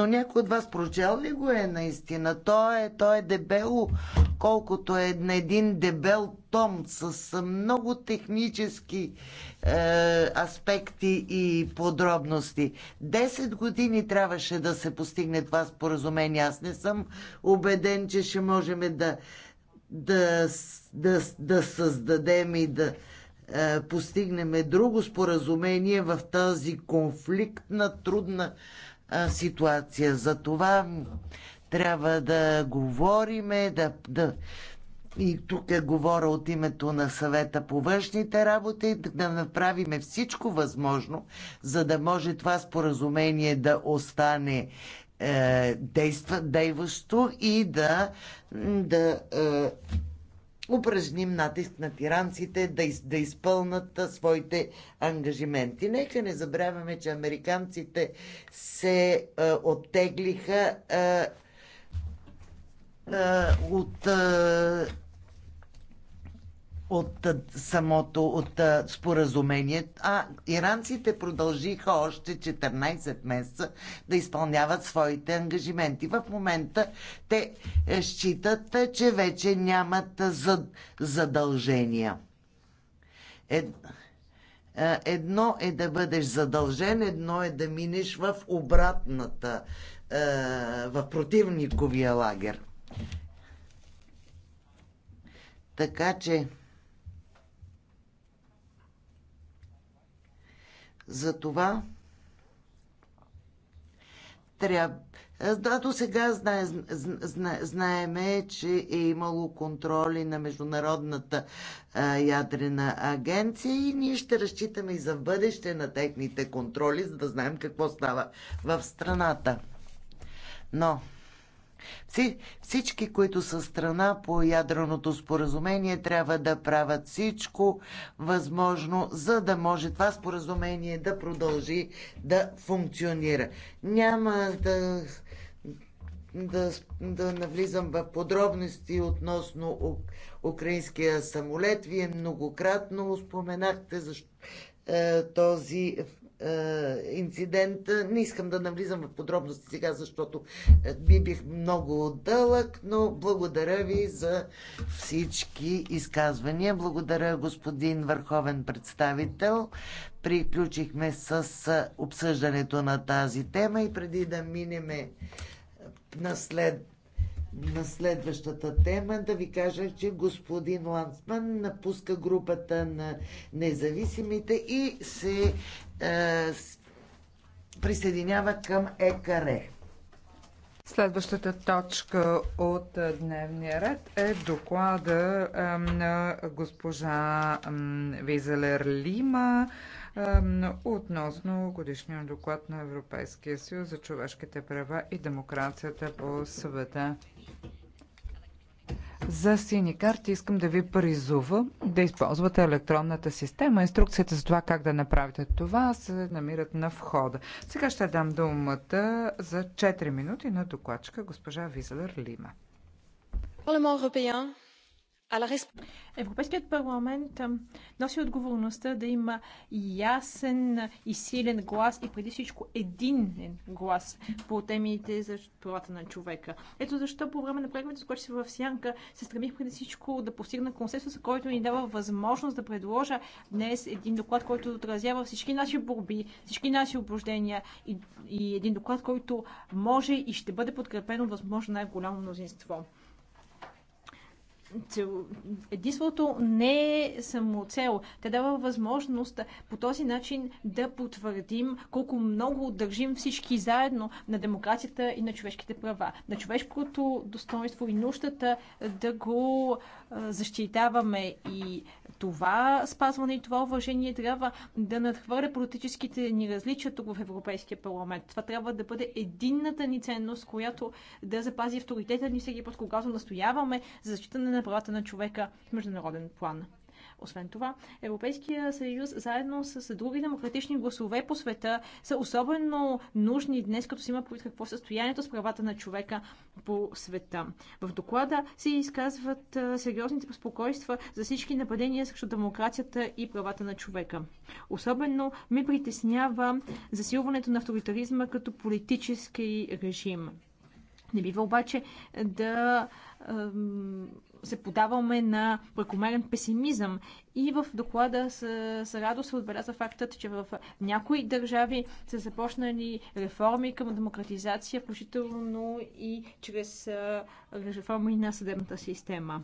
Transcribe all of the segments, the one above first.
Но някой от вас прочел ли го е наистина? Той е, той е дебело, колкото е на един дебел том с много технически е, аспекти и подробности. Десет години трябваше да се постигне това споразумение. Аз не съм убеден, че ще можем да, да, да, да създадем и да е, постигнем друго споразумение в тази конфликтна, трудна ситуация. За това трябва да говориме, да, да, и тук е говоря от името на съвета по външните работи, да направиме всичко възможно, за да може това споразумение да остане е, действа, дейващо и да, да е, упражним натиск на тиранците да, из, да изпълнат своите ангажименти. Нека не забравяме, че американците се а, оттеглиха а, а, от А, от самото от споразумение, а иранците продължиха още 14 месеца да изпълняват своите ангажименти. В момента те е, считат, е, че вече нямат задължения. Е, едно е да бъдеш задължен, едно е да минеш в обратната, в противниковия лагер. Така че Затова трябва. Е, да, до сега знае, знае, знаеме, че е имало контроли на Международната а, е, ядрена агенция и ние ще разчитаме и за бъдеще на техните контроли, за да знаем какво става в страната. Но всички, които са страна по ядреното споразумение, трябва да правят всичко възможно, за да може това споразумение да продължи да функционира. Няма да, да, да навлизам в подробности относно украинския самолет. Вие многократно споменахте защо, е, този е, инцидент. Не искам да навлизам в подробности сега, защото е, би бих много дълъг, но благодаря ви за всички изказвания. Благодаря господин върховен представител. Приключихме с е, обсъждането на тази тема и преди да минеме на след на следващата тема да ви кажа, че господин Лансман напуска групата на независимите и се е, присъединява към ЕКАРЕ. Следващата точка от дневния ред е доклада на госпожа Визелер Лима относно годишния доклад на Европейския съюз за човешките права и демокрацията по света. За сини карти искам да ви призува да използвате електронната система. Инструкцията за това как да направите това се намират на входа. Сега ще дам думата за 4 минути на докладчика госпожа Визелер Лима. Парламент Европеен Европейският парламент носи отговорността да има ясен и силен глас и преди всичко един глас по темите за правата на човека. Ето защо по време на преговорите, с които си в Сянка, се стремих преди всичко да постигна консенсус, който ни дава възможност да предложа днес един доклад, който отразява всички наши борби, всички наши обождения и, и един доклад, който може и ще бъде подкрепен от възможно най-голямо мнозинство цел... единството не е самоцел. Те дава възможност по този начин да потвърдим колко много държим всички заедно на демокрацията и на човешките права, на човешкото достоинство и нуждата да го защитаваме и това спазване и това уважение трябва да надхвърля политическите ни различия тук в Европейския парламент. Това трябва да бъде единната ни ценност, която да запази авторитета ни всеки път, когато настояваме за защита на правата на човека в международен план. Освен това, Европейския съюз заедно с други демократични гласове по света са особено нужни днес, като си има повид какво е състоянието с правата на човека по света. В доклада се изказват сериозните поспокойства за всички нападения срещу демокрацията и правата на човека. Особено ме притеснява засилването на авторитаризма като политически режим. Не бива обаче да се подаваме на прекомерен песимизъм. И в доклада с, с радост се отбеляза фактът, че в някои държави са започнали реформи към демократизация, включително и чрез реформи на съдебната система.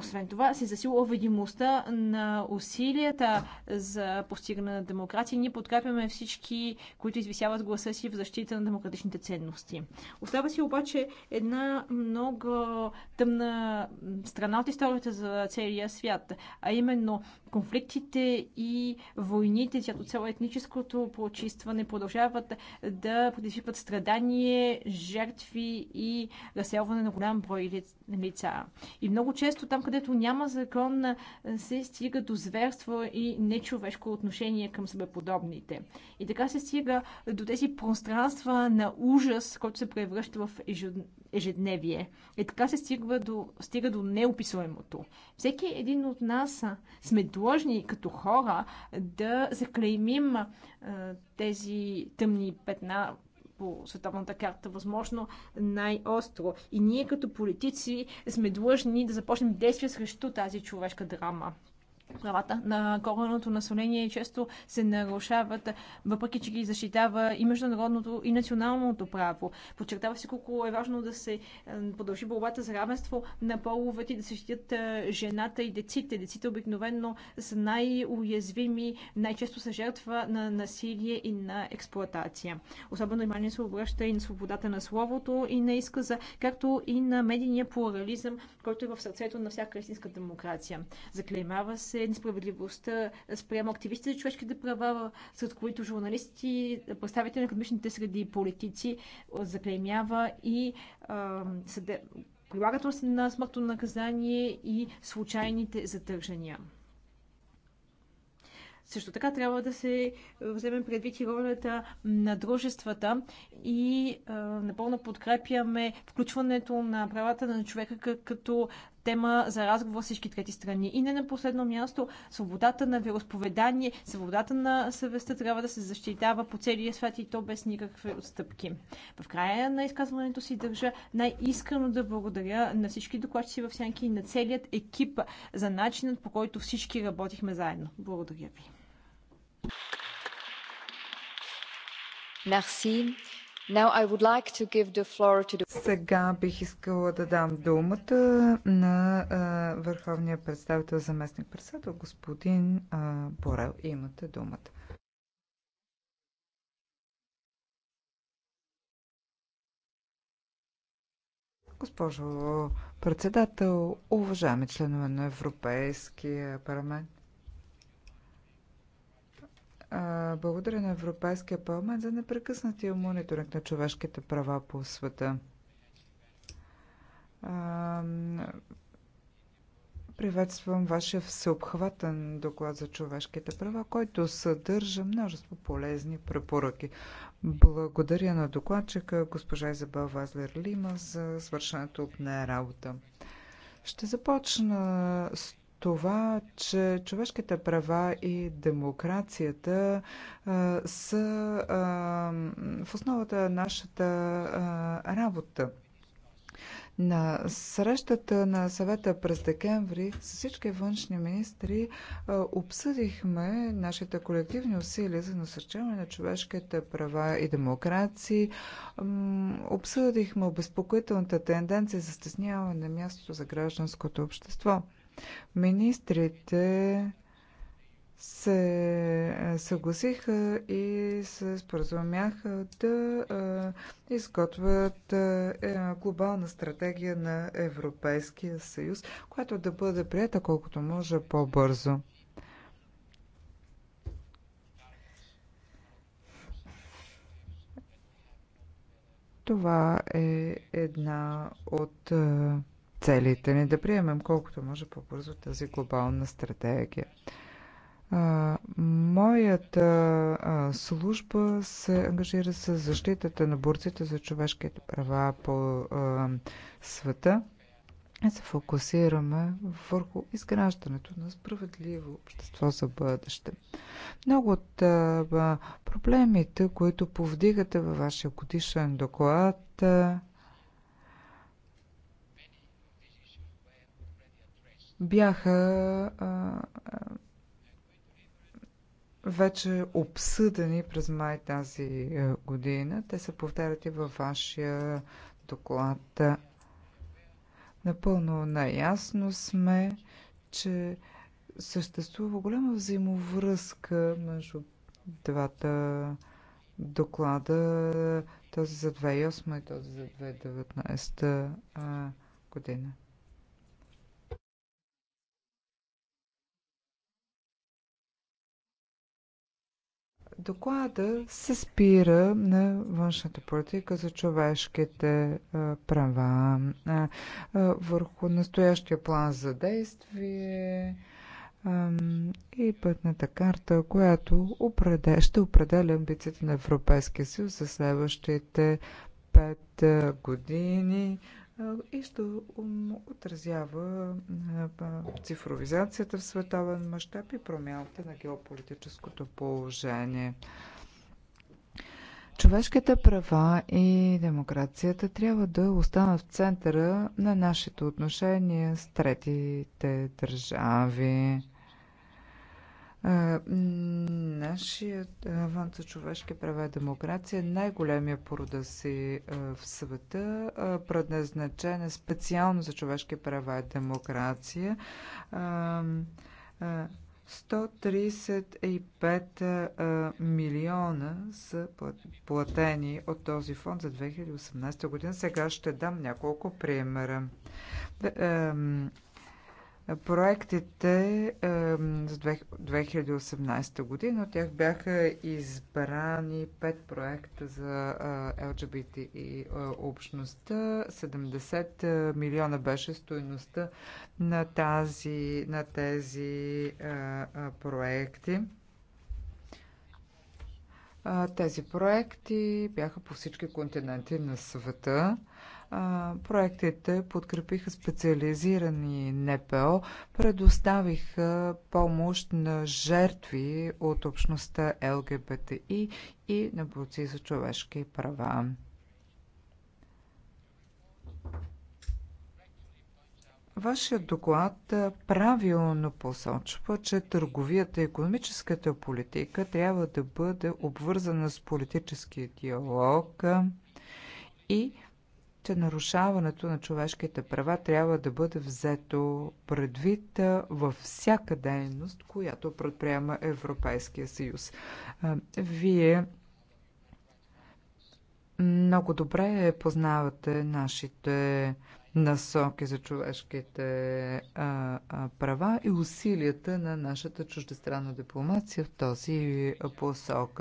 Освен това, се засилва видимостта на усилията за постигане на демокрация. Ние подкрепяме всички, които извисяват гласа си в защита на демократичните ценности. Остава си обаче една много тъмна страна от историята за целия свят, а именно конфликтите и войните, чиято цяло етническото почистване продължават да предизвикват страдание, жертви и разселване на голям брой лица. И много често там, където няма закон, се стига до зверство и нечовешко отношение към себеподобните. И така се стига до тези пространства на ужас, който се превръща в ежедневие. И така се стига до, стига до неописуемото. Всеки един от нас сме длъжни като хора да заклеймим тези тъмни петна по световната карта, възможно най-остро. И ние като политици сме длъжни да започнем действия срещу тази човешка драма правата на кореното население често се нарушават, въпреки че ги защитава и международното, и националното право. Подчертава се колко е важно да се е, продължи борбата за равенство на половете и да защитят е, жената и деците. Деците обикновено са най-уязвими, най-често са жертва на насилие и на експлоатация. Особено внимание се обръща и на свободата на словото и на изказа, както и на медийния плурализъм, който е в сърцето на всяка истинска демокрация. Заклеймава се несправедливостта спрямо активисти за човешките права, сред които журналисти, представители на академичните среди и политици, заклеймява и а, съде... на смъртно наказание и случайните задържания. Също така трябва да се вземе предвид и ролята на дружествата и а, напълно подкрепяме включването на правата на човека като тема за разговор с всички трети страни. И не на последно място, свободата на вероисповедание, свободата на съвестта трябва да се защитава по целия свят и то без никакви отстъпки. В края на изказването си държа най-искрено да благодаря на всички докладчици в Сянки и на целият екип за начинът по който всички работихме заедно. Благодаря ви. Merci. Сега бих искала да дам думата на върховния представител заместник председател господин Борел. Имате думата. Госпожо председател, уважаеми членове на Европейския парламент, благодаря на Европейския парламент за непрекъснатия мониторинг на човешките права по света. Приветствам вашия всеобхватен доклад за човешките права, който съдържа множество полезни препоръки. Благодаря на докладчика госпожа Изабел Вазлер Лима за свършената от нея работа. Ще започна с това, че човешките права и демокрацията а, са а, в основата на нашата а, работа. На срещата на съвета през декември с всички външни министри обсъдихме нашите колективни усилия за насърчаване на човешките права и демокрации. Обсъдихме обезпокоителната тенденция за стесняване на мястото за гражданското общество. Министрите се съгласиха и се споразумяха да изготвят е, глобална стратегия на Европейския съюз, която да бъде прията колкото може по-бързо. Това е една от целите ни, да приемем колкото може по-бързо тази глобална стратегия. А, моята а, служба се ангажира с защитата на борците за човешките права по а, света и се фокусираме върху изграждането на справедливо общество за бъдеще. Много от а, проблемите, които повдигате във вашия годишен доклад, а, бяха вече обсъдени през май тази година. Те се повтарят и във вашия доклад. Напълно наясно сме, че съществува голяма взаимовръзка между двата доклада, този за 2008 и този за 2019 година. Доклада се спира на външната политика за човешките е, права, е, е, върху настоящия план за действие и пътната карта, която ще определя амбициите на Европейския съюз за следващите пет години и ще отразява цифровизацията в световен мащаб и промяната на геополитическото положение. Човешките права и демокрацията трябва да останат в центъра на нашите отношения с третите държави. Нашият фонд за човешки права и демокрация е най-големия порода си в света, предназначен е специално за човешки права и демокрация. 135 милиона са платени от този фонд за 2018 година. Сега ще дам няколко примера Проектите за 2018 година, от тях бяха избрани 5 проекта за LGBT е, и е, общността. 70 е, милиона беше стоеността на, тази, на тези проекти. Тези проекти бяха по всички континенти на света проектите подкрепиха специализирани НПО, предоставиха помощ на жертви от общността ЛГБТИ и на борци за човешки права. Вашият доклад правилно посочва, че търговията и економическата политика трябва да бъде обвързана с политическия диалог и че нарушаването на човешките права трябва да бъде взето предвид във всяка дейност, която предприема Европейския съюз. Вие много добре познавате нашите насоки за човешките а, а, права и усилията на нашата чуждестранна дипломация в този посок.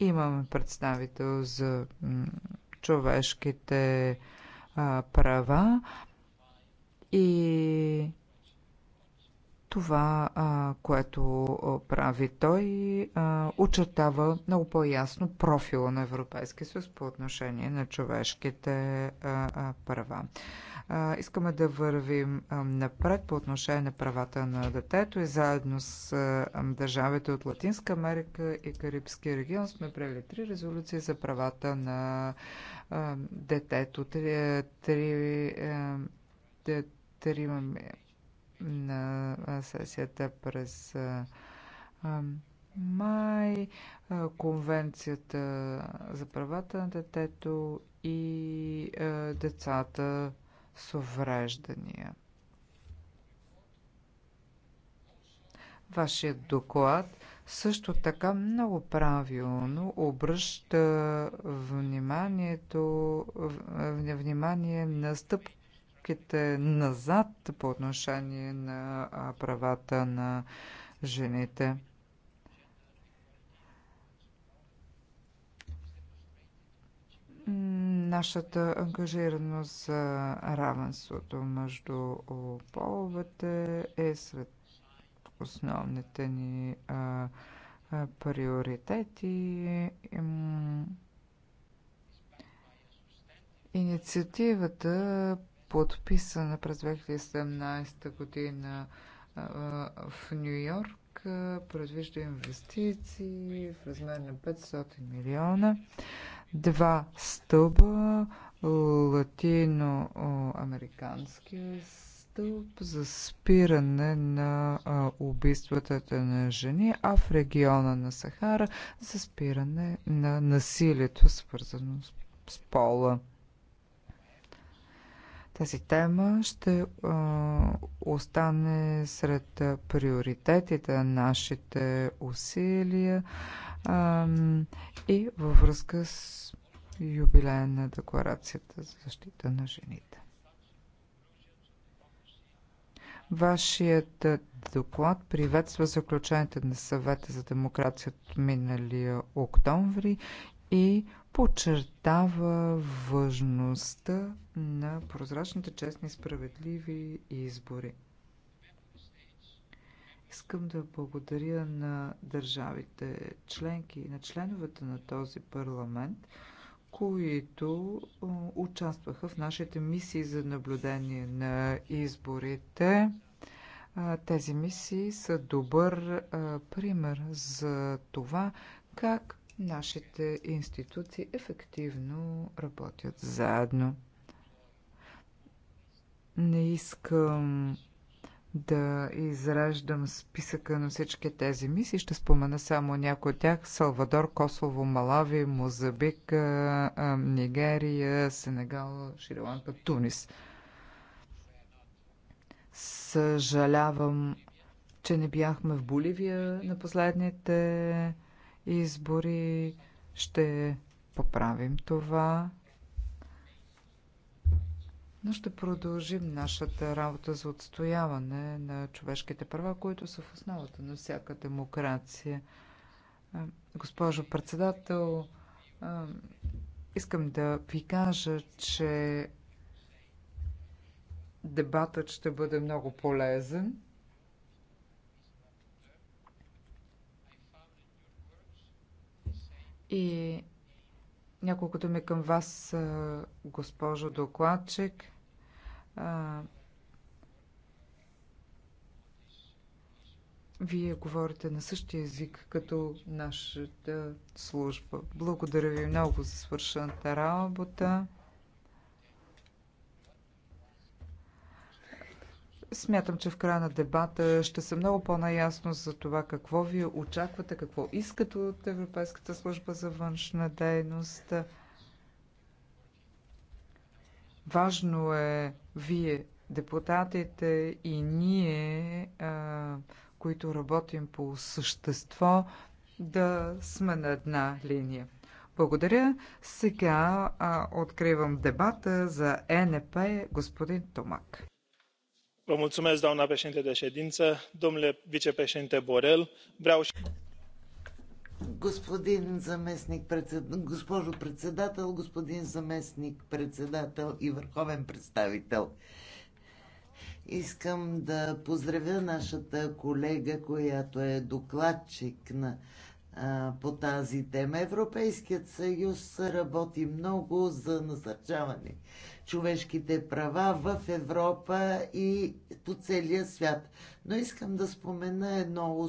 Имаме представител за човешките права права и това, а, което прави той, а, очертава много по-ясно профила на Европейския съюз по отношение на човешките а, а, права. А, искаме да вървим а, напред по отношение на правата на детето и заедно с а, държавите от Латинска Америка и Карибския регион сме приели три резолюции за правата на а, детето. Три, три, а, три, три на сесията през май, Конвенцията за правата на детето и децата с увреждания. Вашият доклад също така много правилно обръща вниманието, внимание на стъпки стъпките назад по отношение на правата на жените. нашата ангажираност за равенството между половете е сред основните ни а, а, приоритети. Инициативата подписана през 2017 година в Нью Йорк, предвижда инвестиции в размер на 500 милиона, два стълба, латиноамерикански стълб за спиране на убийствата на жени, а в региона на Сахара за спиране на насилието, свързано с пола. Тази тема ще остане сред приоритетите на нашите усилия и във връзка с юбилея на Декларацията за защита на жените. Вашият доклад приветства заключените на съвета за демокрация от миналия октомври и подчертава важността на прозрачните, честни, и справедливи избори. Искам да благодаря на държавите членки и на членовете на този парламент, които участваха в нашите мисии за наблюдение на изборите. Тези мисии са добър пример за това как нашите институции ефективно работят заедно. Не искам да израждам списъка на всички тези мисии. Ще спомена само някои от тях. Салвадор, Косово, Малави, Мозабик, Нигерия, Сенегал, Шириланка, Тунис. Съжалявам, че не бяхме в Боливия на последните избори. Ще поправим това. Но ще продължим нашата работа за отстояване на човешките права, които са в основата на всяка демокрация. Госпожо председател, искам да ви кажа, че дебатът ще бъде много полезен. И няколко думи е към вас, госпожо докладчик. Вие говорите на същия език като нашата служба. Благодаря ви много за свършената работа. Смятам, че в края на дебата ще са много по-наясно за това какво вие очаквате, какво искате от Европейската служба за външна дейност. Важно е вие, депутатите и ние, които работим по същество, да сме на една линия. Благодаря. Сега а, откривам дебата за ЕНП господин Томак doamnă președintă de ședință domnule vicepreședinte borrell vreau și госпожо председател, господин заместник председател и върховен представител. Искам да поздравя нашата колега, която е докладчик на по тази тема. Европейският съюз работи много за насърчаване човешките права в Европа и по целия свят. Но искам да спомена едно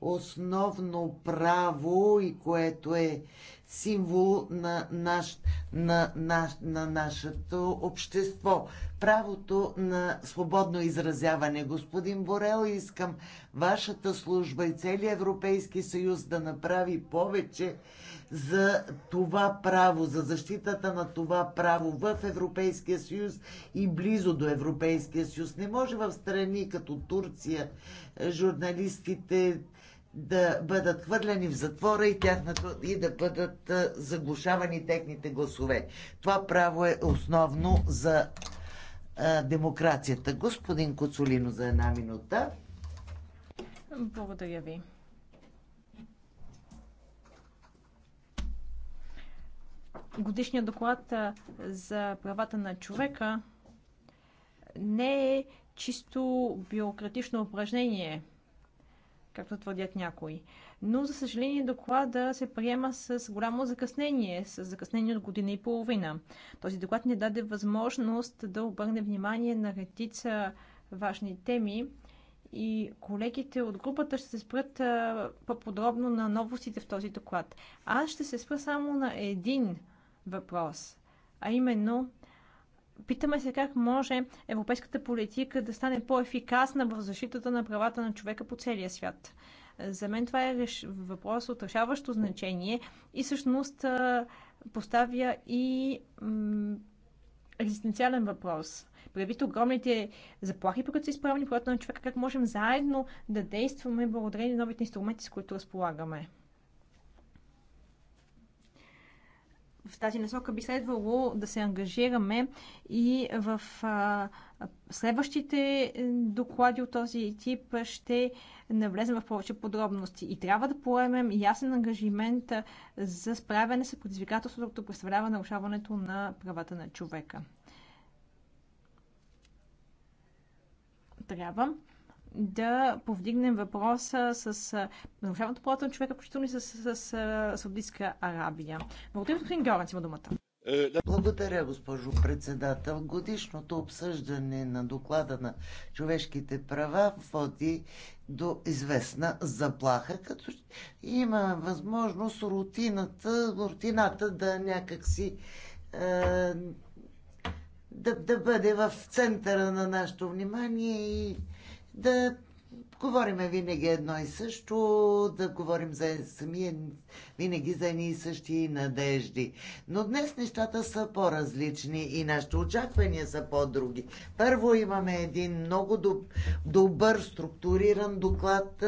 основно право и което е символ на, наш, на, на, на нашето общество. Правото на свободно изразяване. Господин Борел, искам вашата служба и целият Европейски съюз да направи повече за това право, за защитата на това право в Европейския съюз и близо до Европейския съюз. Не може в страни като Турция журналистите да бъдат хвърлени в затвора и, тяхната, и да бъдат заглушавани техните гласове. Това право е основно за а, демокрацията. Господин Коцолино за една минута. Благодаря ви. Годишният доклад за правата на човека не е чисто бюрократично упражнение – както твърдят някои. Но, за съжаление, доклада се приема с голямо закъснение, с закъснение от година и половина. Този доклад не даде възможност да обърне внимание на редица важни теми и колегите от групата ще се спрат по-подробно на новостите в този доклад. Аз ще се спра само на един въпрос, а именно Питаме се как може европейската политика да стане по-ефикасна в защитата на правата на човека по целия свят. За мен това е въпрос от решаващо значение и всъщност поставя и екзистенциален въпрос. Предвид огромните заплахи, които са изправени, правата на човека, как можем заедно да действаме благодарение на новите инструменти, с които разполагаме. в тази насока би следвало да се ангажираме и в а, следващите е, доклади от този тип ще навлезем в повече подробности. И трябва да поемем ясен ангажимент е, за справяне с предизвикателството, което представлява нарушаването на правата на човека. Трябва да повдигнем въпроса с нарушаването правото на човека, включително и с, с, с Саудитска Арабия. Благодаря, господин Горанц, има думата. Е, Благодаря, госпожо председател. Годишното обсъждане на доклада на човешките права води до известна заплаха, като има възможност рутината, рутината да някакси е, да, да бъде в центъра на нашето внимание и да говориме винаги едно и също, да говорим за самия, винаги за едни и същи надежди. Но днес нещата са по-различни и нашите очаквания са по-други. Първо имаме един много добър, структуриран доклад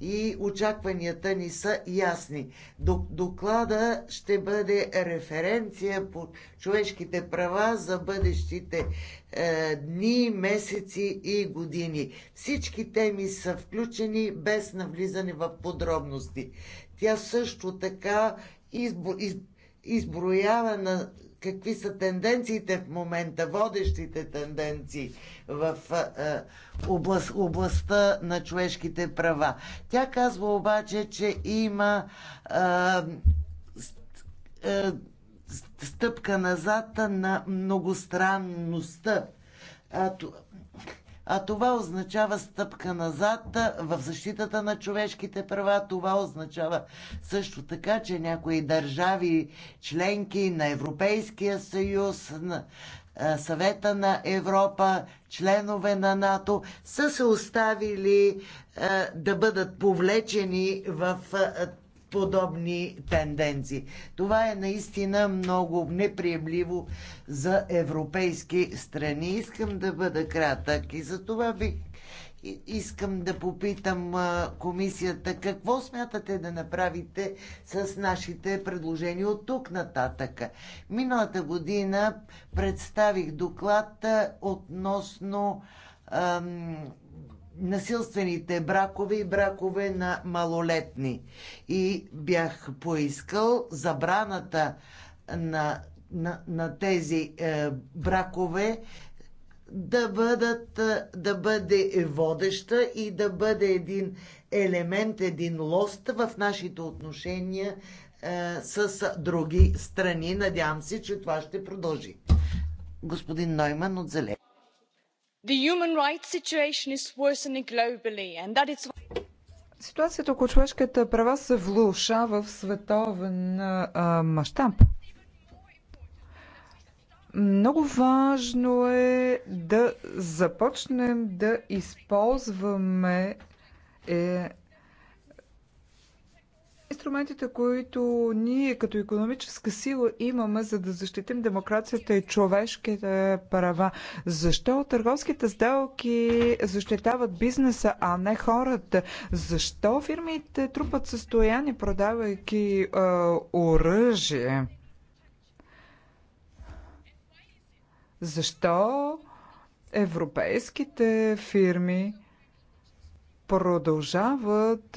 и очакванията ни са ясни. Доклада ще бъде референция по човешките права за бъдещите е, дни, месеци и години. Всички теми са включени без навлизане в подробности. Тя също така избо, из, изброява на какви са тенденциите в момента, водещите тенденции в е, област, областта на човешките права. Тя казва обаче, че има А, е, стъпка назад на многостранността. А, а това означава стъпка назад в защитата на човешките права. Това означава също така, че някои държави, членки на Европейския съюз, на Съвета на Европа, членове на НАТО, са се оставили да бъдат повлечени в подобни тенденции. Това е наистина много неприемливо за европейски страни. Искам да бъда кратък и за това бих искам да попитам комисията какво смятате да направите с нашите предложения от тук нататък. Миналата година представих доклад относно насилствените бракове и бракове на малолетни. И бях поискал забраната на, на, на тези е, бракове да, бъдат, е, да бъде водеща и да бъде един елемент, един лост в нашите отношения е, с други страни. Надявам се, че това ще продължи. Господин Нойман от Зелен. Ситуацията около човешките права се влушава в световен мащаб. Много важно е да започнем да използваме е, инструментите, които ние като економическа сила имаме, за да защитим демокрацията и човешките права. Защо търговските сделки защитават бизнеса, а не хората? Защо фирмите трупат състояние, продавайки е, оръжие? Защо европейските фирми продължават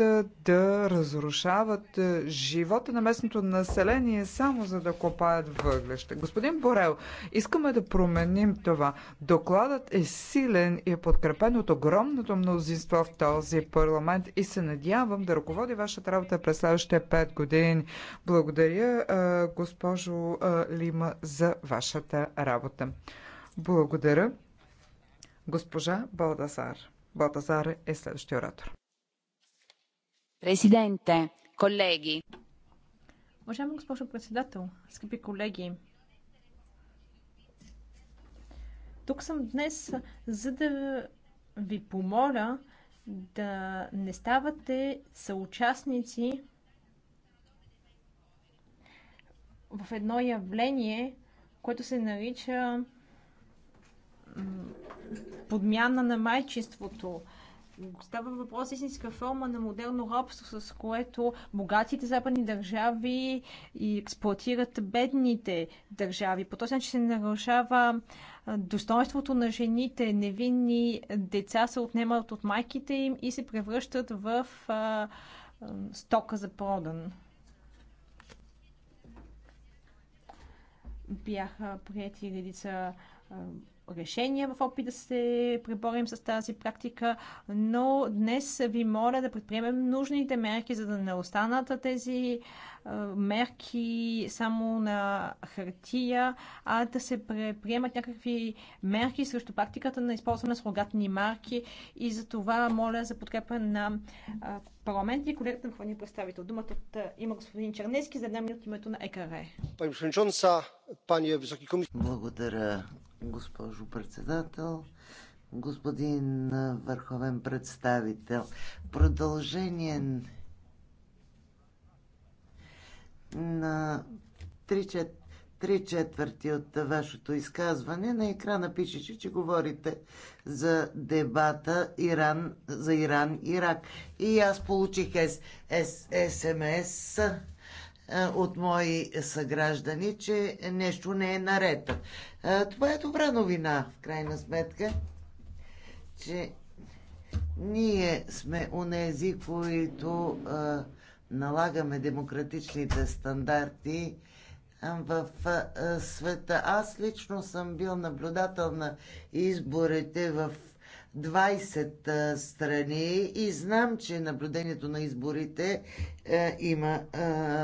да разрушават живота на местното население само за да копаят въглеща. Господин Борел, искаме да променим това. Докладът е силен и е подкрепен от огромното мнозинство в този парламент и се надявам да ръководи вашата работа през следващите 5 години. Благодаря, госпожо Лима, за вашата работа. Благодаря, госпожа Балдасар. Балтазар е следващия оратор. Президенте, колеги! Уважаема госпожо председател, скъпи колеги, тук съм днес, за да ви помоля да не ставате съучастници в едно явление, което се нарича подмяна на майчинството. Става въпрос истинска форма на моделно робство, с което богатите западни държави и експлуатират бедните държави. По този начин се нарушава достоинството на жените. Невинни деца се отнемат от майките им и се превръщат в а, стока за продан. Бяха прияти редица решения в опит да се преборим с тази практика, но днес ви моля да предприемем нужните мерки, за да не останат тези е, мерки само на хартия, а да се предприемат някакви мерки срещу практиката на използване на срогатни марки и за това моля за подкрепа на е, парламент и колегата на хвани представител. Думата е, има господин Чернески за една минута името на ЕКР. Благодаря, госпожо председател, господин върховен представител. Продължение на 3 три четвърти от вашето изказване. На екрана пише, че говорите за дебата Иран, за Иран-Ирак. И аз получих СМС. Ес, е, от мои съграждани, че нещо не е наред. Е, това е добра новина, в крайна сметка, че ние сме унези, които е, налагаме демократичните стандарти в света. Аз лично съм бил наблюдател на изборите в 20 страни и знам, че наблюдението на изборите е, има е,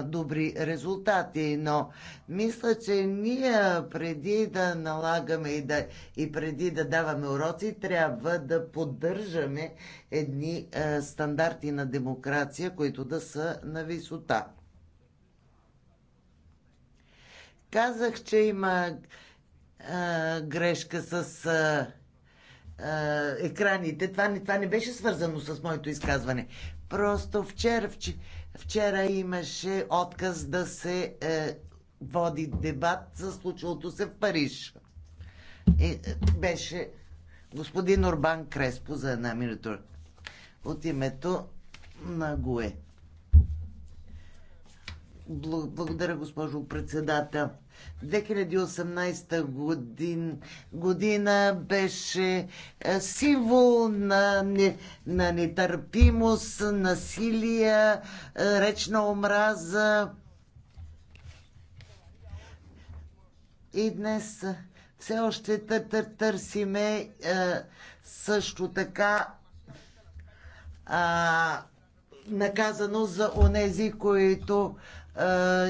добри резултати, но мисля, че ние преди да налагаме и, да, и преди да даваме уроци, трябва да поддържаме едни е, стандарти на демокрация, които да са на висота. Казах, че има е, грешка с. Е, екраните. Това не, това не беше свързано с моето изказване. Просто вчера, вчера, имаше отказ да се е, води дебат за случилото се в Париж. И, е, беше господин Орбан Креспо за една минута от името на ГУЕ. Благодаря, госпожо председател. 2018 годин, година беше е, символ на, не, на нетърпимост, насилие, е, речна омраза. И днес е, все още тър, тър, търсиме също така а, наказано за онези, които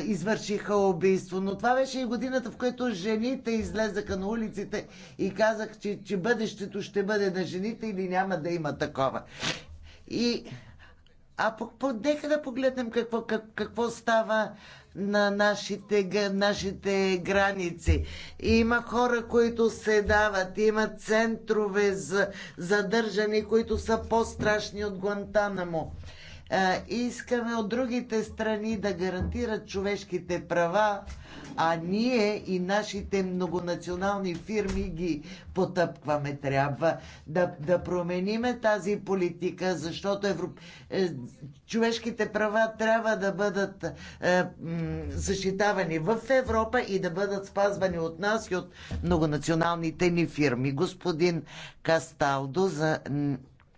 извършиха убийство. Но това беше и годината, в която жените излезаха на улиците и казах, че, че бъдещето ще бъде на жените или няма да има такова. И а по, по, нека да погледнем какво, как, какво става на нашите, нашите граници. Има хора, които се дават, има центрове за задържани, които са по-страшни от Гуантанамо. му е, искаме от другите страни да гарантират човешките права, а ние и нашите многонационални фирми ги потъпкваме. Трябва да, да промениме тази политика, защото Европ... Е, човешките права трябва да бъдат е, защитавани в Европа и да бъдат спазвани от нас и от многонационалните ни фирми. Господин Касталдо за.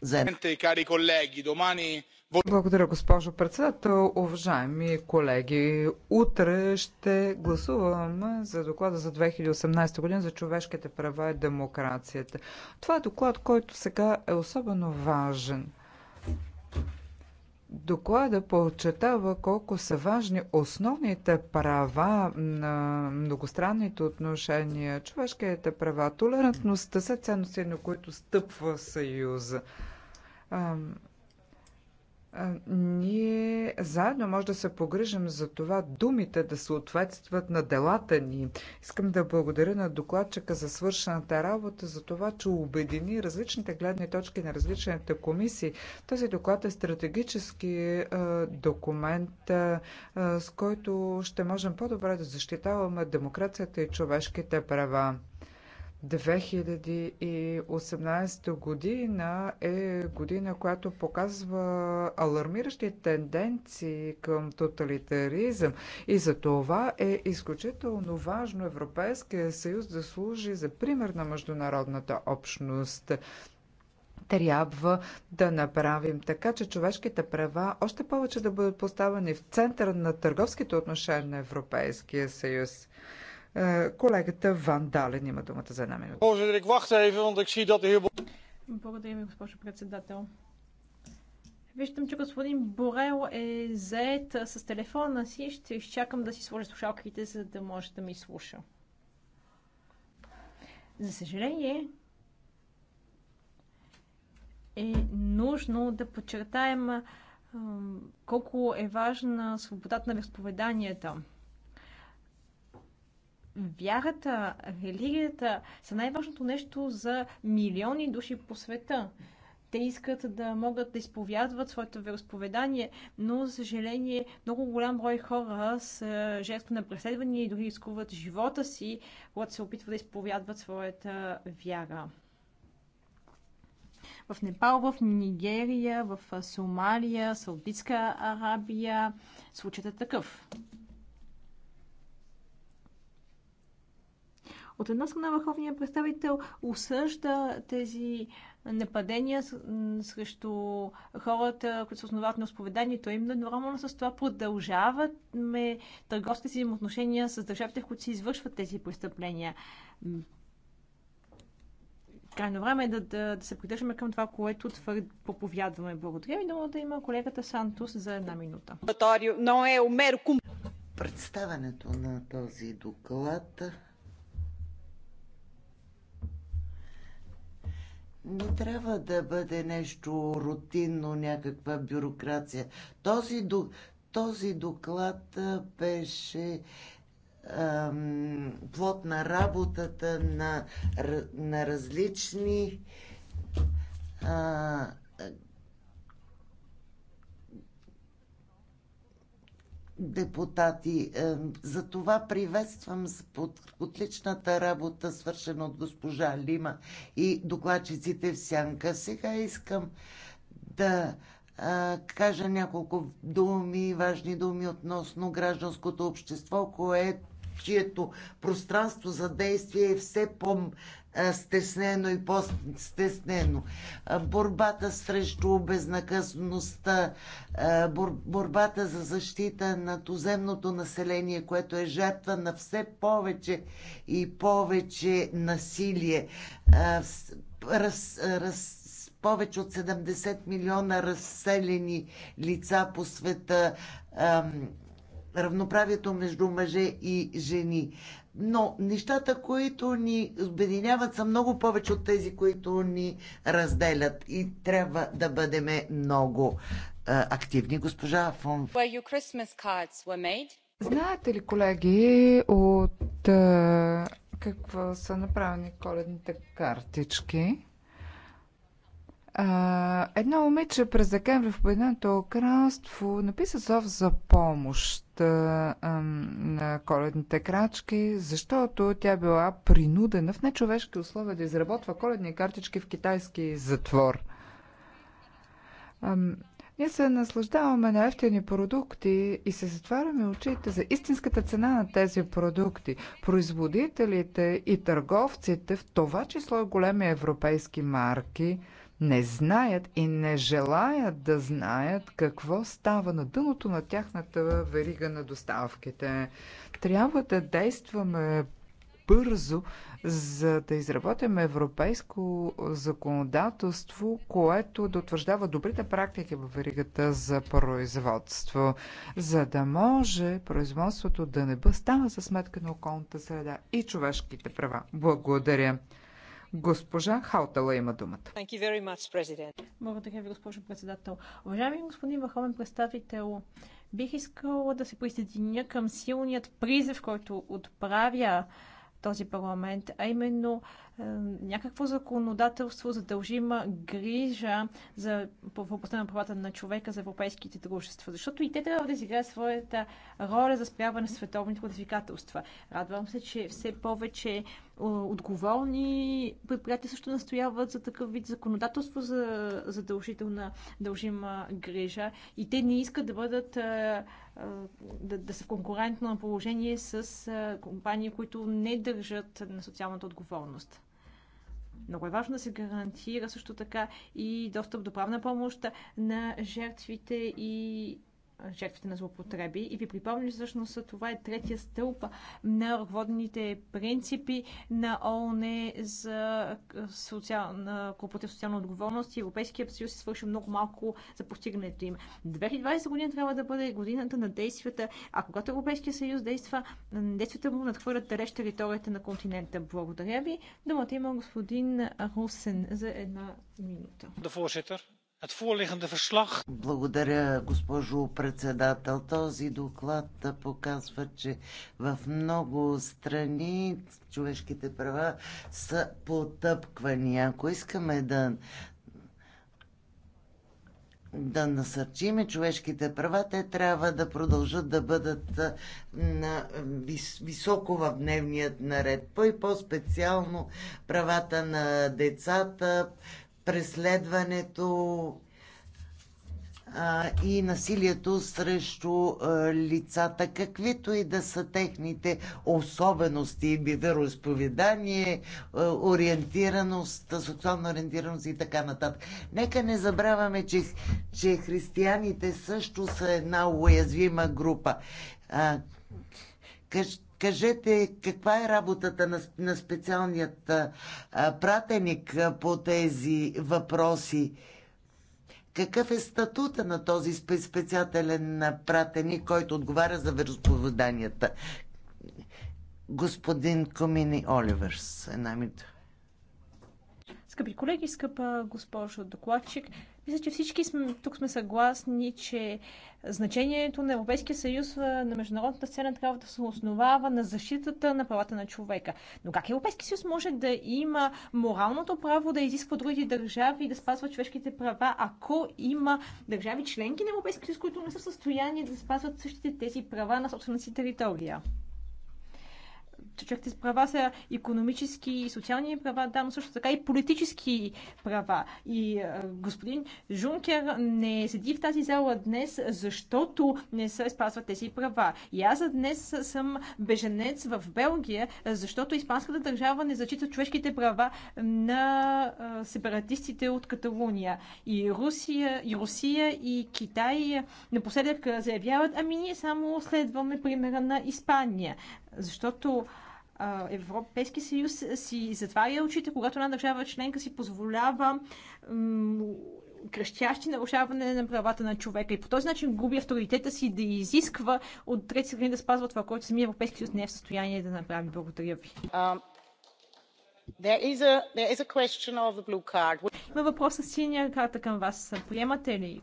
за... Cari colleghi, domani благодаря, госпожо председател. Уважаеми колеги, утре ще гласуваме за доклада за 2018 година за човешките права и демокрацията. Това е доклад, който сега е особено важен. Доклада подчертава колко са важни основните права на многостранните отношения, човешките права, толерантността са ценности, на които стъпва Съюза ние заедно може да се погрижим за това думите да съответстват на делата ни. Искам да благодаря на докладчика за свършената работа, за това, че обедини различните гледни точки на различните комисии. Този доклад е стратегически е, документ, е, е, с който ще можем по-добре да защитаваме демокрацията и човешките права. 2018 година е година, която показва алармиращи тенденции към тоталитаризъм и за това е изключително важно Европейския съюз да служи за пример на международната общност трябва да направим така, че човешките права още повече да бъдат поставени в центъра на търговските отношения на Европейския съюз. Е, колегата Ван Дален има думата за една минута. Благодаря ви, госпожо председател. Виждам, че господин Борел е заед с телефона си. Ще изчакам да си сложа слушалките, за да може да ми слуша. За съжаление, е нужно да подчертаем колко е важна свободата на разповеданията вярата, религията са най-важното нещо за милиони души по света. Те искат да могат да изповядват своето вероисповедание, но, за съжаление, много голям брой хора са е, жертва на преследвания и дори рискуват живота си, когато се опитват да изповядват своята вяра. В Непал, в Нигерия, в е, Сомалия, Саудитска Арабия случаят е такъв. От една страна върховният представител осъжда тези нападения срещу хората, които се основават на споведанието им, но нормално с това продължаваме търговските си взаимоотношения с държавите, в които се извършват тези престъпления. Крайно време е да, да, да се придържаме към това, което твърд проповядваме. Благодаря ви, да има колегата Сантус за една минута. Е Представането на този доклад не трябва да бъде нещо рутинно, някаква бюрокрация. Този, този доклад беше ам, плод на работата на, на различни а, депутати. За това приветствам отличната работа, свършена от госпожа Лима и докладчиците в Сянка. Сега искам да кажа няколко думи, важни думи относно гражданското общество, което чието пространство за действие е все по-стеснено и по-стеснено. Борбата срещу безнаказаността, борбата за защита на туземното население, което е жертва на все повече и повече насилие. Раз, раз, повече от 70 милиона разселени лица по света, равноправието между мъже и жени. Но нещата, които ни обединяват, са много повече от тези, които ни разделят. И трябва да бъдем много а, активни, госпожа Фон. Знаете ли, колеги, от а, какво са направени коледните картички? А, едно момиче през декември в Поединеното кралство написа зов за помощ а, а, на коледните крачки, защото тя е била принудена в нечовешки условия да изработва коледни картички в китайски затвор. А, ние се наслаждаваме на ефтини продукти и се затваряме очите за истинската цена на тези продукти. Производителите и търговците, в това число големи европейски марки – не знаят и не желаят да знаят какво става на дъното на тяхната верига на доставките. Трябва да действаме бързо, за да изработим европейско законодателство, което да утвърждава добрите практики в веригата за производство, за да може производството да не бъде става за сметка на околната среда и човешките права. Благодаря. Госпожа Хаутала има думата. Благодаря ви, госпожо председател. Уважаеми господин върховен представител, бих искала да се присъединя към силният призив, който отправя този парламент, а именно е, някакво законодателство за дължима грижа за, въпроса на правата на човека за европейските дружества. Защото и те трябва да изиграят своята роля за спряване на световните предизвикателства. Радвам се, че все повече е, отговорни предприятия също настояват за такъв вид законодателство за задължителна дължима грижа. И те не искат да бъдат е, да, да са в конкурентно положение с компании, които не държат на социалната отговорност. Много е важно да се гарантира също така и достъп до правна помощ на жертвите и жертвите на злоупотреби. И ви припомням, че всъщност това е третия стълб на ръководните принципи на ООН за социална, корпоративна социална отговорност и Европейския съюз е свършил много малко за постигането им. 2020 година трябва да бъде годината на действията, а когато Европейския съюз действа, действията му надхвърлят далеч територията на континента. Благодаря ви. Думата има господин Русен за една минута. Да, благодаря, госпожо председател. Този доклад показва, че в много страни човешките права са потъпквани. Ако искаме да да насърчиме човешките права, те трябва да продължат да бъдат на вис, високо в дневният наред. По и по-специално правата на децата, преследването а, и насилието срещу а, лицата, каквито и да са техните особености, вероисповедание, ориентираност, сексуална ориентираност и така нататък. Нека не забравяме, че, че християните също са една уязвима група. А, къж, Кажете каква е работата на, на специалният а, пратеник а, по тези въпроси? Какъв е статута на този специален пратеник, който отговаря за вероисповеданията? Господин Комини Оливърс, една минута. Скъпи колеги, скъпа госпожо докладчик, мисля, че всички сме, тук сме съгласни, че значението на Европейския съюз на международната сцена трябва да се основава на защитата на правата на човека. Но как Европейския съюз може да има моралното право да изисква други държави и да спазва човешките права, ако има държави членки на Европейския съюз, които не са в състояние да спазват същите тези права на собствената си територия? човеките с права са економически и социални права, да, но също така и политически права. И а, е, господин Жункер не седи в тази зала днес, защото не се спазват тези права. И аз днес съм беженец в Белгия, защото испанската държава не зачита човешките права на а, е, сепаратистите от Каталуния. И Русия, и Русия, и Китай напоследък заявяват, ами ние само следваме примера на Испания. Защото Европейски съюз си затваря очите, когато една държава членка си позволява крещящи нарушаване на правата на човека и по този начин губи авторитета си да изисква от трети страни да спазва това, което самия Европейски съюз не е в състояние да направи. Благодаря ви. Um, Има въпрос с синия карта към вас. Приемате ли?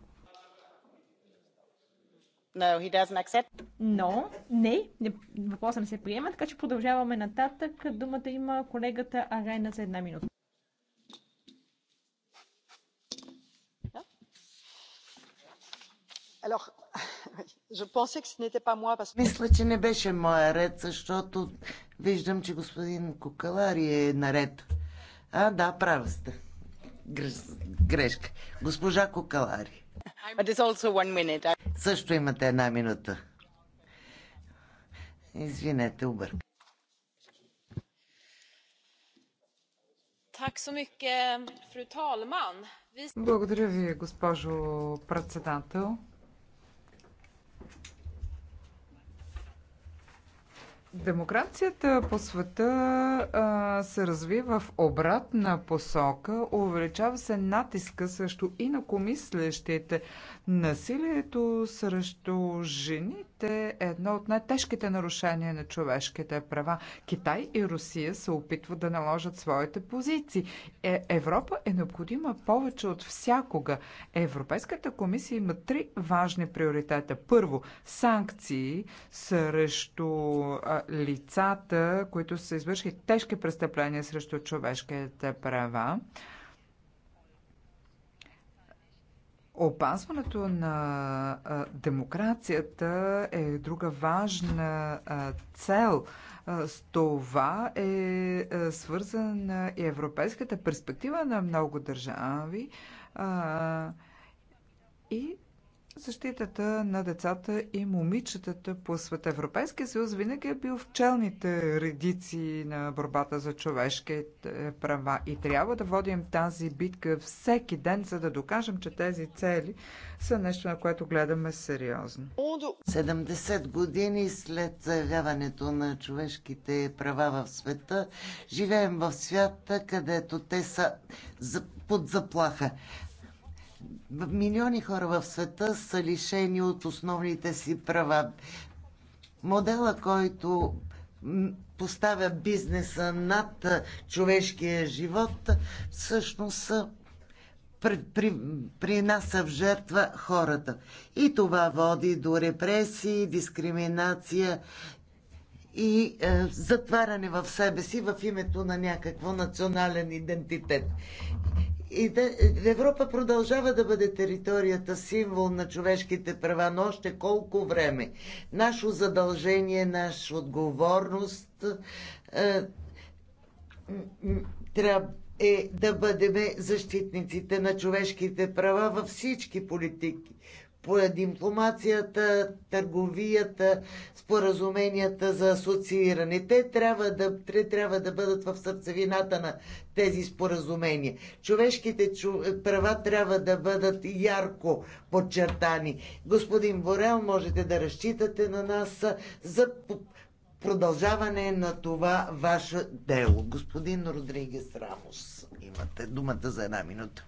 No, he doesn't accept. Но, не, не въпросът не се приема, така че продължаваме нататък. Думата има колегата Арена за една минута. мисля, че не беше моя ред, защото виждам, че господин Кокалари е наред. А, да, права сте. Грешка. Госпожа Кокалари. Също имате една минута. Извинете, обърка. Благодаря ви, госпожо председател. Демокрацията по света а, се развива в обратна посока. Увеличава се натиска също и на комислещите. Насилието срещу жените е едно от най-тежките нарушения на човешките права. Китай и Русия се опитват да наложат своите позиции. Е, Европа е необходима повече от всякога. Европейската комисия има три важни приоритета. Първо, санкции срещу а, лицата, които са извършили тежки престъпления срещу човешките права. Опазването на демокрацията е друга важна цел. С това е свързана и европейската перспектива на много държави и защитата на децата и момичетата по света. Европейския съюз винаги е бил в челните редици на борбата за човешките права и трябва да водим тази битка всеки ден, за да докажем, че тези цели са нещо, на което гледаме сериозно. 70 години след заявяването на човешките права в света, живеем в свята, където те са под заплаха. Милиони хора в света са лишени от основните си права. Модела, който поставя бизнеса над човешкия живот, всъщност при, при, при нас са в жертва хората. И това води до репресии, дискриминация и е, затваряне в себе си в името на някакво национален идентитет. И да, Европа продължава да бъде територията символ на човешките права, но още колко време. Нашо задължение, наша отговорност е, трябва е да бъдем защитниците на човешките права във всички политики дипломацията, търговията, споразуменията за асоцииране. Те трябва да, те трябва да бъдат в сърцевината на тези споразумения. Човешките права трябва да бъдат ярко подчертани. Господин Борел, можете да разчитате на нас за продължаване на това ваше дело. Господин Родригес Рамос, имате думата за една минута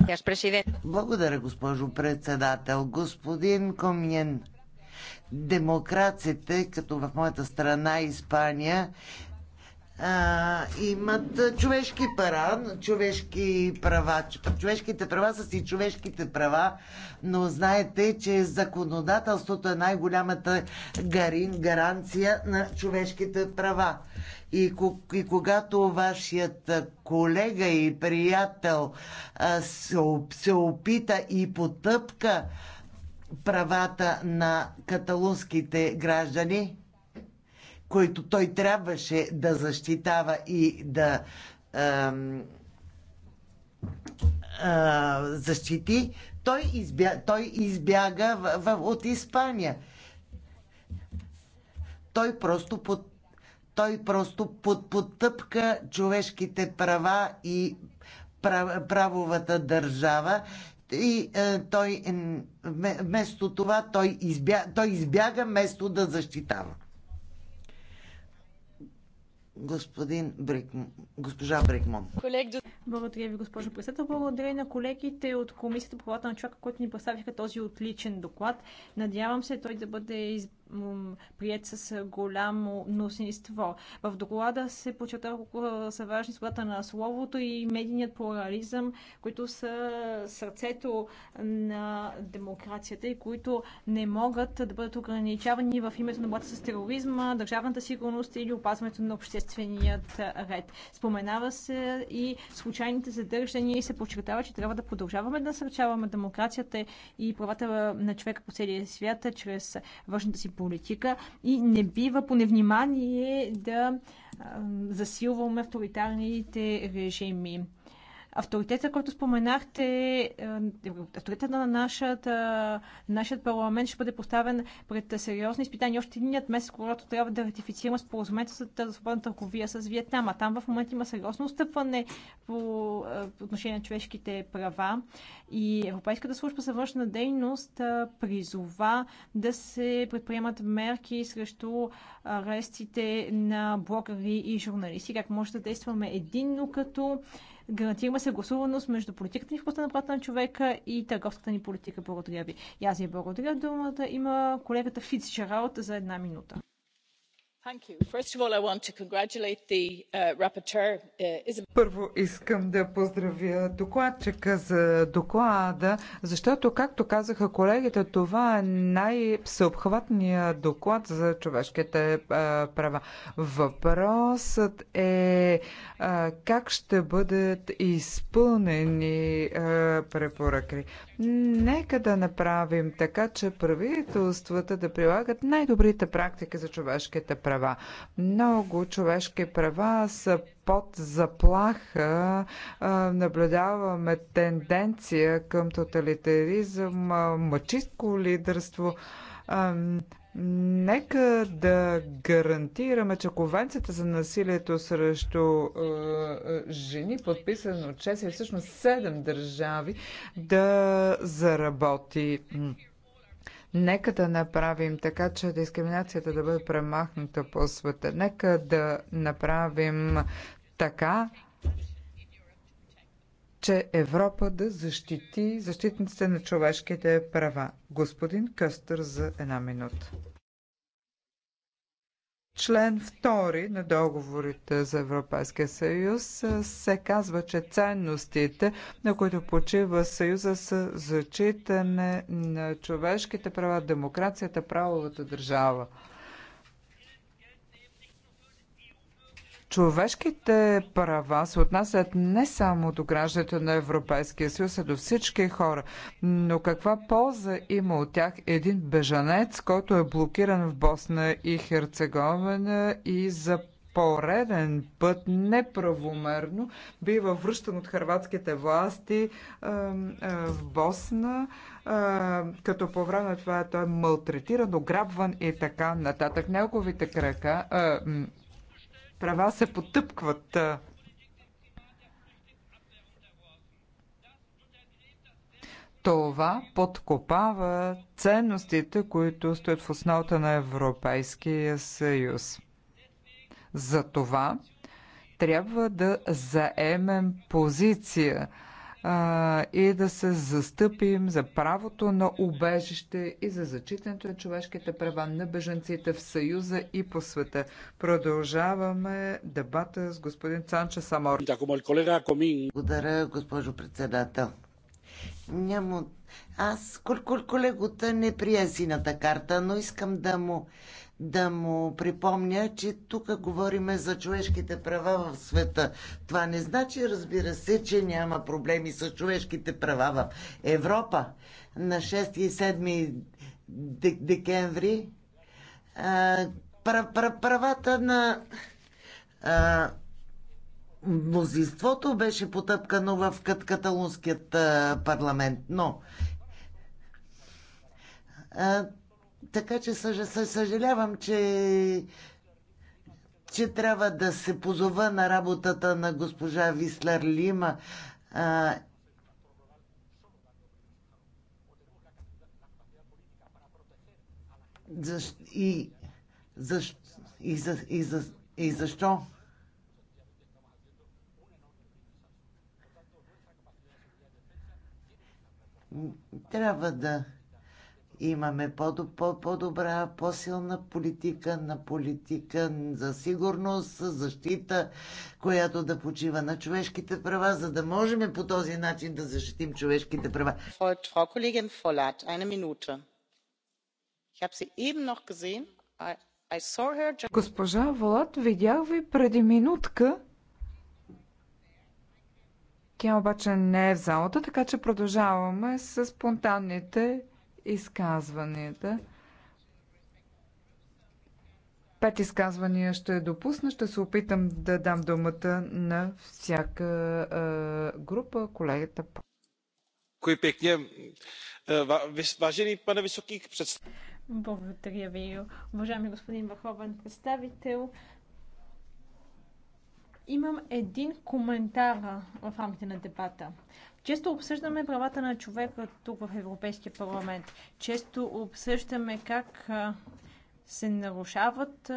госпожа. Благодаря, госпожо председател. Господин Комнен, демокрацията като в моята страна Испания, а, имат човешки права, човешки права. Човешките права са си човешките права, но знаете, че законодателството е най-голямата гаранция на човешките права. И, и когато вашият колега и приятел а, се, се опита и потъпка правата на каталунските граждани, които той трябваше да защитава и да а, а, защити, той, избя, той избяга в, в, от Испания. Той просто, под, той просто под, подтъпка човешките права и прав, правовата държава и е, той вместо това той избяга, той избяга вместо да защитава господин Брик, госпожа Брикмон. Благодаря ви, госпожо председател. Благодаря и на колегите от Комисията по правата на човека, които ни представиха този отличен доклад. Надявам се той да бъде избран прият с голямо мнозинство. В доклада се почета са важни свободата на словото и медийният плурализъм, които са сърцето на демокрацията и които не могат да бъдат ограничавани в името на борбата с тероризма, държавната сигурност или опазването на общественият ред. Споменава се и случайните задържания и се подчертава, че трябва да продължаваме да насърчаваме демокрацията и правата на човека по целия свят чрез външната си политика и не бива по невнимание да засилваме авторитарните режими. Авторитета, който споменахте, е, авторитета на нашата, нашият парламент ще бъде поставен пред сериозни изпитания още единият месец, когато трябва да ратифицираме споразумението за свободна търговия с Виетнам. А там в момента има сериозно отстъпване по, е, по отношение на човешките права и Европейската служба за външна дейност е, призова да се предприемат мерки срещу арестите на блогъри и журналисти. Как може да действаме единно като гарантираме съгласуваност между политиката ни в на правата на човека и търговската ни политика. Благодаря ви. И аз ви благодаря. Думата има колегата Фиц Джералд за една минута. Uh, uh, Първо искам да поздравя докладчика за доклада, защото, както казаха колегите, това е най-всеобхватният доклад за човешките е, права. Въпросът е, е как ще бъдат изпълнени е, препоръки. Нека да направим така, че правителствата да прилагат най-добрите практики за човешките права права. Много човешки права са под заплаха. Наблюдаваме тенденция към тоталитаризъм, мъчистко лидерство. Нека да гарантираме, че Конвенцията за насилието срещу е, е, жени, подписана от 6 и всъщност 7 държави, да заработи. Нека да направим така, че дискриминацията да бъде премахната по света. Нека да направим така, че Европа да защити защитниците на човешките права. Господин Къстър за една минута член 2 на договорите за Европейския съюз се казва, че ценностите, на които почива съюза са зачитане на човешките права, демокрацията, правовата държава. Човешките права се отнасят не само до гражданите на Европейския съюз, а до всички хора. Но каква полза има от тях един бежанец, който е блокиран в Босна и Херцеговина и за пореден път неправомерно бива връщан от хрватските власти а, а, в Босна, а, като по време на това е, той е малтретиран, ограбван и така нататък. Неговите крака, права се потъпкват. Това подкопава ценностите, които стоят в основата на Европейския съюз. За това трябва да заемем позиция – а, и да се застъпим за правото на убежище и за зачитането на човешките права на беженците в Съюза и по света. Продължаваме дебата с господин Цанча Самор. Благодаря, госпожо председател. Няма... Аз колко колегата не прие сината карта, но искам да му да му припомня, че тук говорим за човешките права в света. Това не значи, разбира се, че няма проблеми с човешките права в Европа. На 6 и 7 декември правата на а, мнозинството беше потъпкано в каталунският парламент. Но а, така че съжалявам, че че трябва да се позова на работата на госпожа Вислер Лима. А, и, и, за, и, за, и защо? Трябва да имаме по-добра, по-силна политика на политика за сигурност, защита, която да почива на човешките права, за да можем по този начин да защитим човешките права. Госпожа Волат, видях ви преди минутка. Тя обаче не е в залата, така че продължаваме с спонтанните изказванията. Пет изказвания ще допусна. Ще се опитам да дам думата на всяка е, група. Колегата. Кой пекне. Важени пане високи представители. Благодаря ви, уважаеми господин Върховен представител. Имам един коментар в рамките на дебата. Често обсъждаме правата на човека тук в Европейския парламент. Често обсъждаме как се нарушават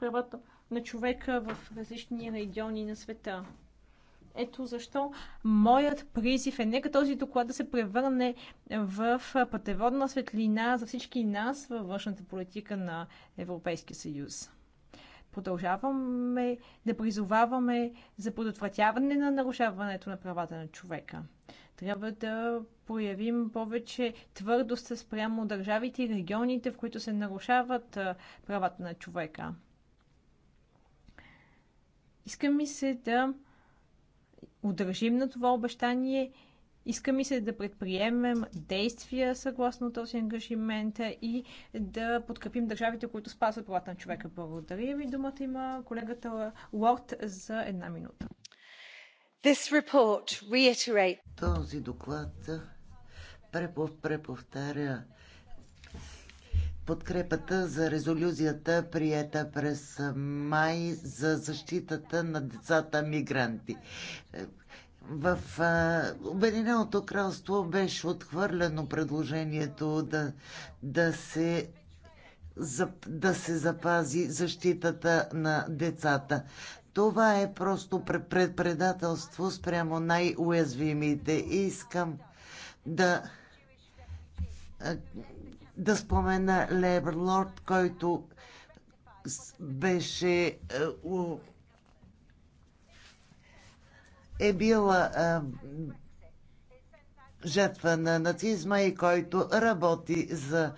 правата на човека в различни региони на света. Ето защо моят призив е нека този доклад да се превърне в пътеводна светлина за всички нас във външната политика на Европейския съюз. Продължаваме да призоваваме за предотвратяване на нарушаването на правата на човека. Трябва да проявим повече твърдост спрямо държавите и регионите, в които се нарушават правата на човека. Искам ми се да удържим на това обещание иска ми се да предприемем действия съгласно този ангажимент и да подкрепим държавите, които спазват правата на човека. Благодаря ви. Думата има колегата Лорд за една минута. This report reiterate... Този доклад препов, преповтаря подкрепата за резолюцията, приета през май за защитата на децата мигранти в Обединеното кралство беше отхвърлено предложението да, да се за, да се запази защитата на децата. Това е просто предпредателство спрямо най-уязвимите. Искам да да спомена Лебър Лорд, който беше е бил а, жертва на нацизма и който работи за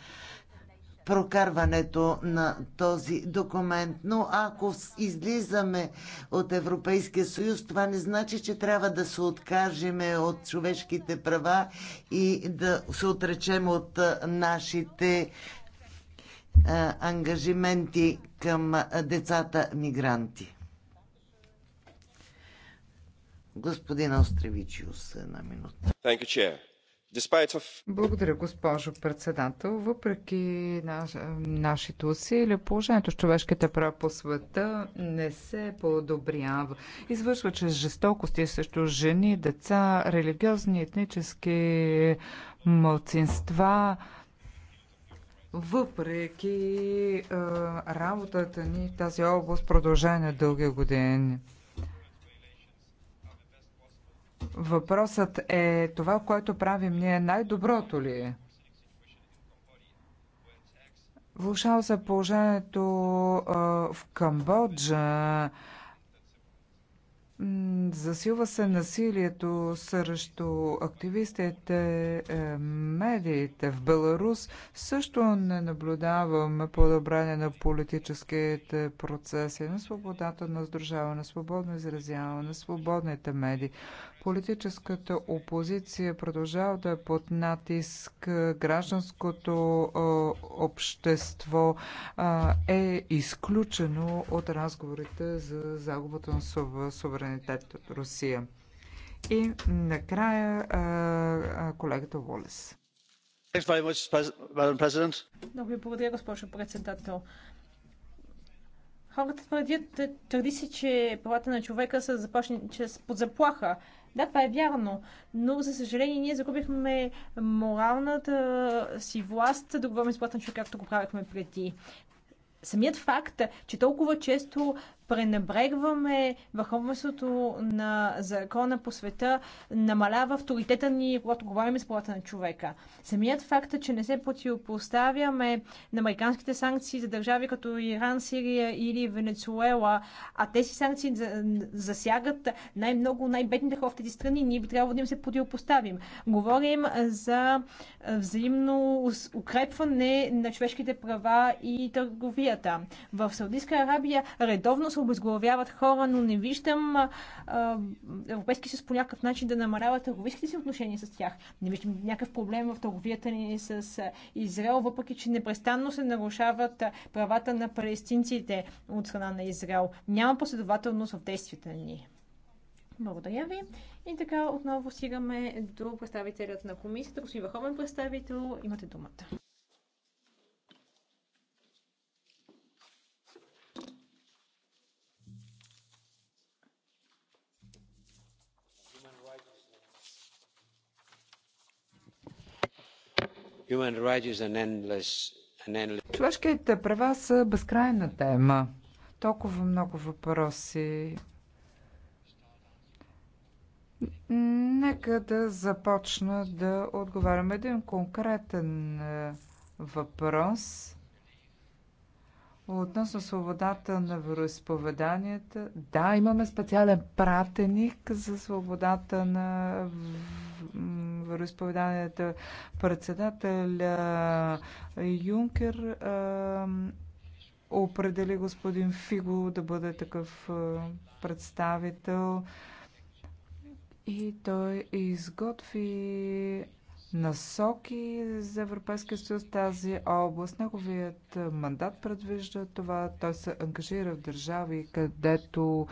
прокарването на този документ. Но ако излизаме от Европейския съюз, това не значи, че трябва да се откажеме от човешките права и да се отречем от нашите а, ангажименти към децата мигранти. Господин Остревичиус, една минута. Благодаря, госпожо председател. Въпреки нашите усилия, положението с човешките права по света не се подобрява. Извършва чрез жестокости срещу жени, деца, религиозни, етнически мълцинства, въпреки е, работата ни в тази област продължава на дълги години. Въпросът е това, което правим ние, най-доброто ли е? Влушава се положението в Камбоджа. Засилва се насилието срещу активистите, е, медиите в Беларус. Също не наблюдаваме подобрение на политическите процеси, на свободата на сдружаване, свободно изразяване, свободните медии. Политическата опозиция продължава да е под натиск. Гражданското е, общество е изключено от разговорите за загубата на суверенитет суверенитет от Русия. И накрая колегата Волес. Много ви благодаря, госпожо председател. Хората твърдят, твърди си, че правата на човека са започни, че са под заплаха. Да, това е вярно, но за съжаление ние загубихме моралната си власт да говорим с правата на човека, както го правихме преди самият факт, че толкова често пренебрегваме върховенството на закона по света, намалява авторитета ни, когато говорим с правата на човека. Самият факт че не се противопоставяме на американските санкции за държави като Иран, Сирия или Венецуела, а тези санкции засягат най-много най-бедните хора в тези страни. Ние би трябвало да им се противопоставим. Говорим за взаимно укрепване на човешките права и търговията. В Саудитска Арабия редовно се обезглавяват хора, но не виждам а, Европейски съюз по някакъв начин да намалява търговските си отношения с тях. Не виждам някакъв проблем в търговията ни с Израел, въпреки че непрестанно се нарушават правата на палестинците от страна на Израел. Няма последователност в действията ни. Благодаря ви. И така отново стигаме до представителят на комисията, господин Върховен представител. Имате думата. Човешките права са безкрайна тема. Толкова много въпроси. Нека да започна да отговарям един конкретен е, въпрос относно свободата на вероисповеданията. Да, имаме специален пратеник за свободата на вероисповеданията председател Юнкер определи господин Фиго да бъде такъв представител и той изготви насоки за Европейския съюз в тази област. Неговият мандат предвижда това. Той се ангажира в държави, където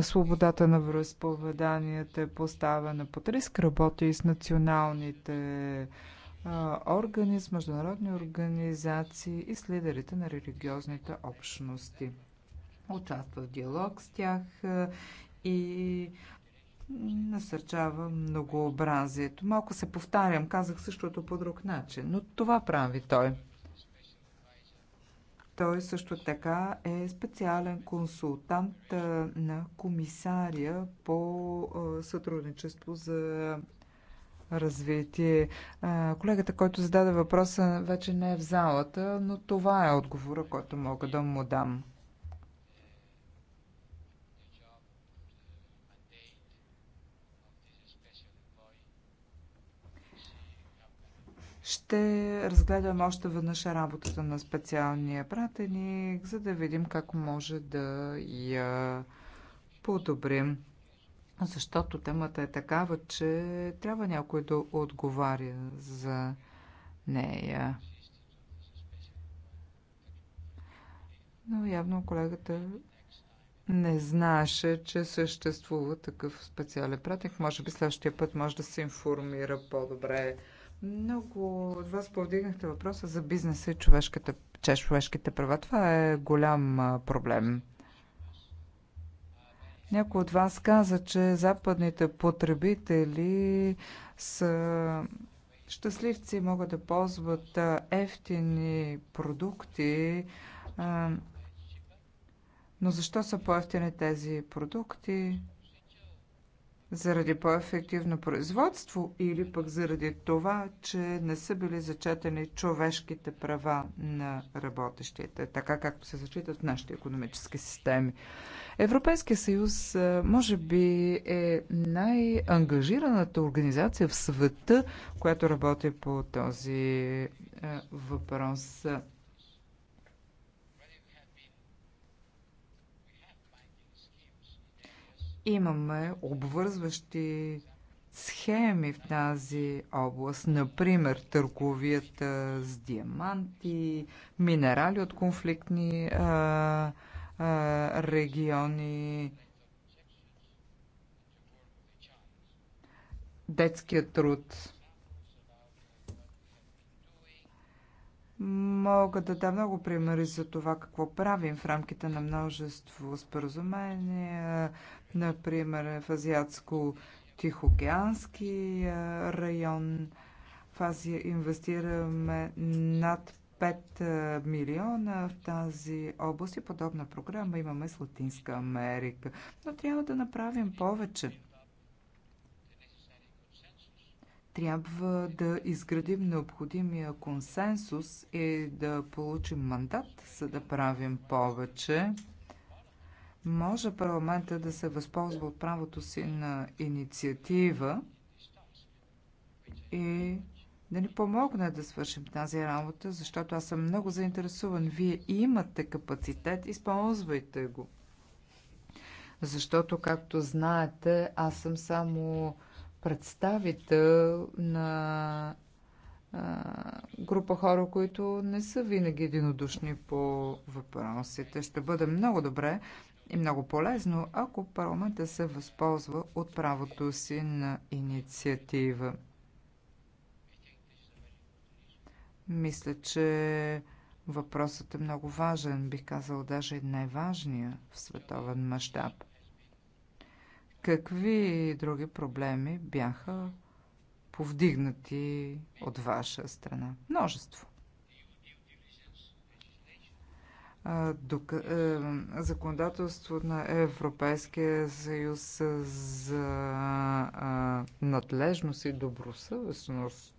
свободата на вероисповеданията е поставена под риск. Работи и с националните органи, с международни организации и с лидерите на религиозните общности. Участва в диалог с тях и насърчава многообразието. Малко се повтарям, казах същото по друг начин, но това прави той. Той също така е специален консултант на комисария по сътрудничество за развитие. Колегата, който зададе въпроса, вече не е в залата, но това е отговора, който мога да му дам. ще разгледаме още веднъж работата на специалния пратеник, за да видим как може да я подобрим. Защото темата е такава, че трябва някой да отговаря за нея. Но явно колегата не знаеше, че съществува такъв специален пратник. Може би следващия път може да се информира по-добре. Много от вас повдигнахте въпроса за бизнеса и човешката, човешките права. Това е голям проблем. Някой от вас каза, че западните потребители са щастливци, могат да ползват ефтини продукти. Но защо са по-ефтини тези продукти? заради по-ефективно производство или пък заради това, че не са били зачетени човешките права на работещите, така както се зачитат в нашите економически системи. Европейския съюз може би е най-ангажираната организация в света, която работи по този въпрос. Имаме обвързващи схеми в тази област, например търговията с диаманти, минерали от конфликтни а, а, региони, детския труд. Мога да дам много примери за това какво правим в рамките на множество споразумения, например в Азиатско-Тихоокеански е, район. В Азия инвестираме над 5 е, милиона в тази област и подобна програма имаме с Латинска Америка. Но трябва да направим повече. Трябва да изградим необходимия консенсус и да получим мандат, за да правим повече може парламента да се възползва от правото си на инициатива и да ни помогне да свършим тази работа, защото аз съм много заинтересуван. Вие имате капацитет, използвайте го. Защото, както знаете, аз съм само представител на група хора, които не са винаги единодушни по въпросите. Ще бъде много добре е много полезно, ако парламента се възползва от правото си на инициатива. Мисля, че въпросът е много важен, бих казал даже и най-важния в световен мащаб. Какви други проблеми бяха повдигнати от ваша страна? Множество. Е, законодателство на Европейския съюз за надлежност и добросъвестност.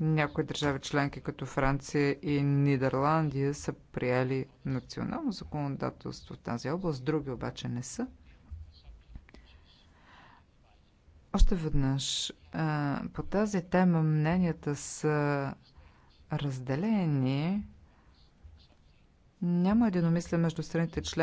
Някои държави членки, като Франция и Нидерландия, са приели национално законодателство в тази област, други обаче не са. Още веднъж, по тази тема мненията са разделени няма единомислие между страните членки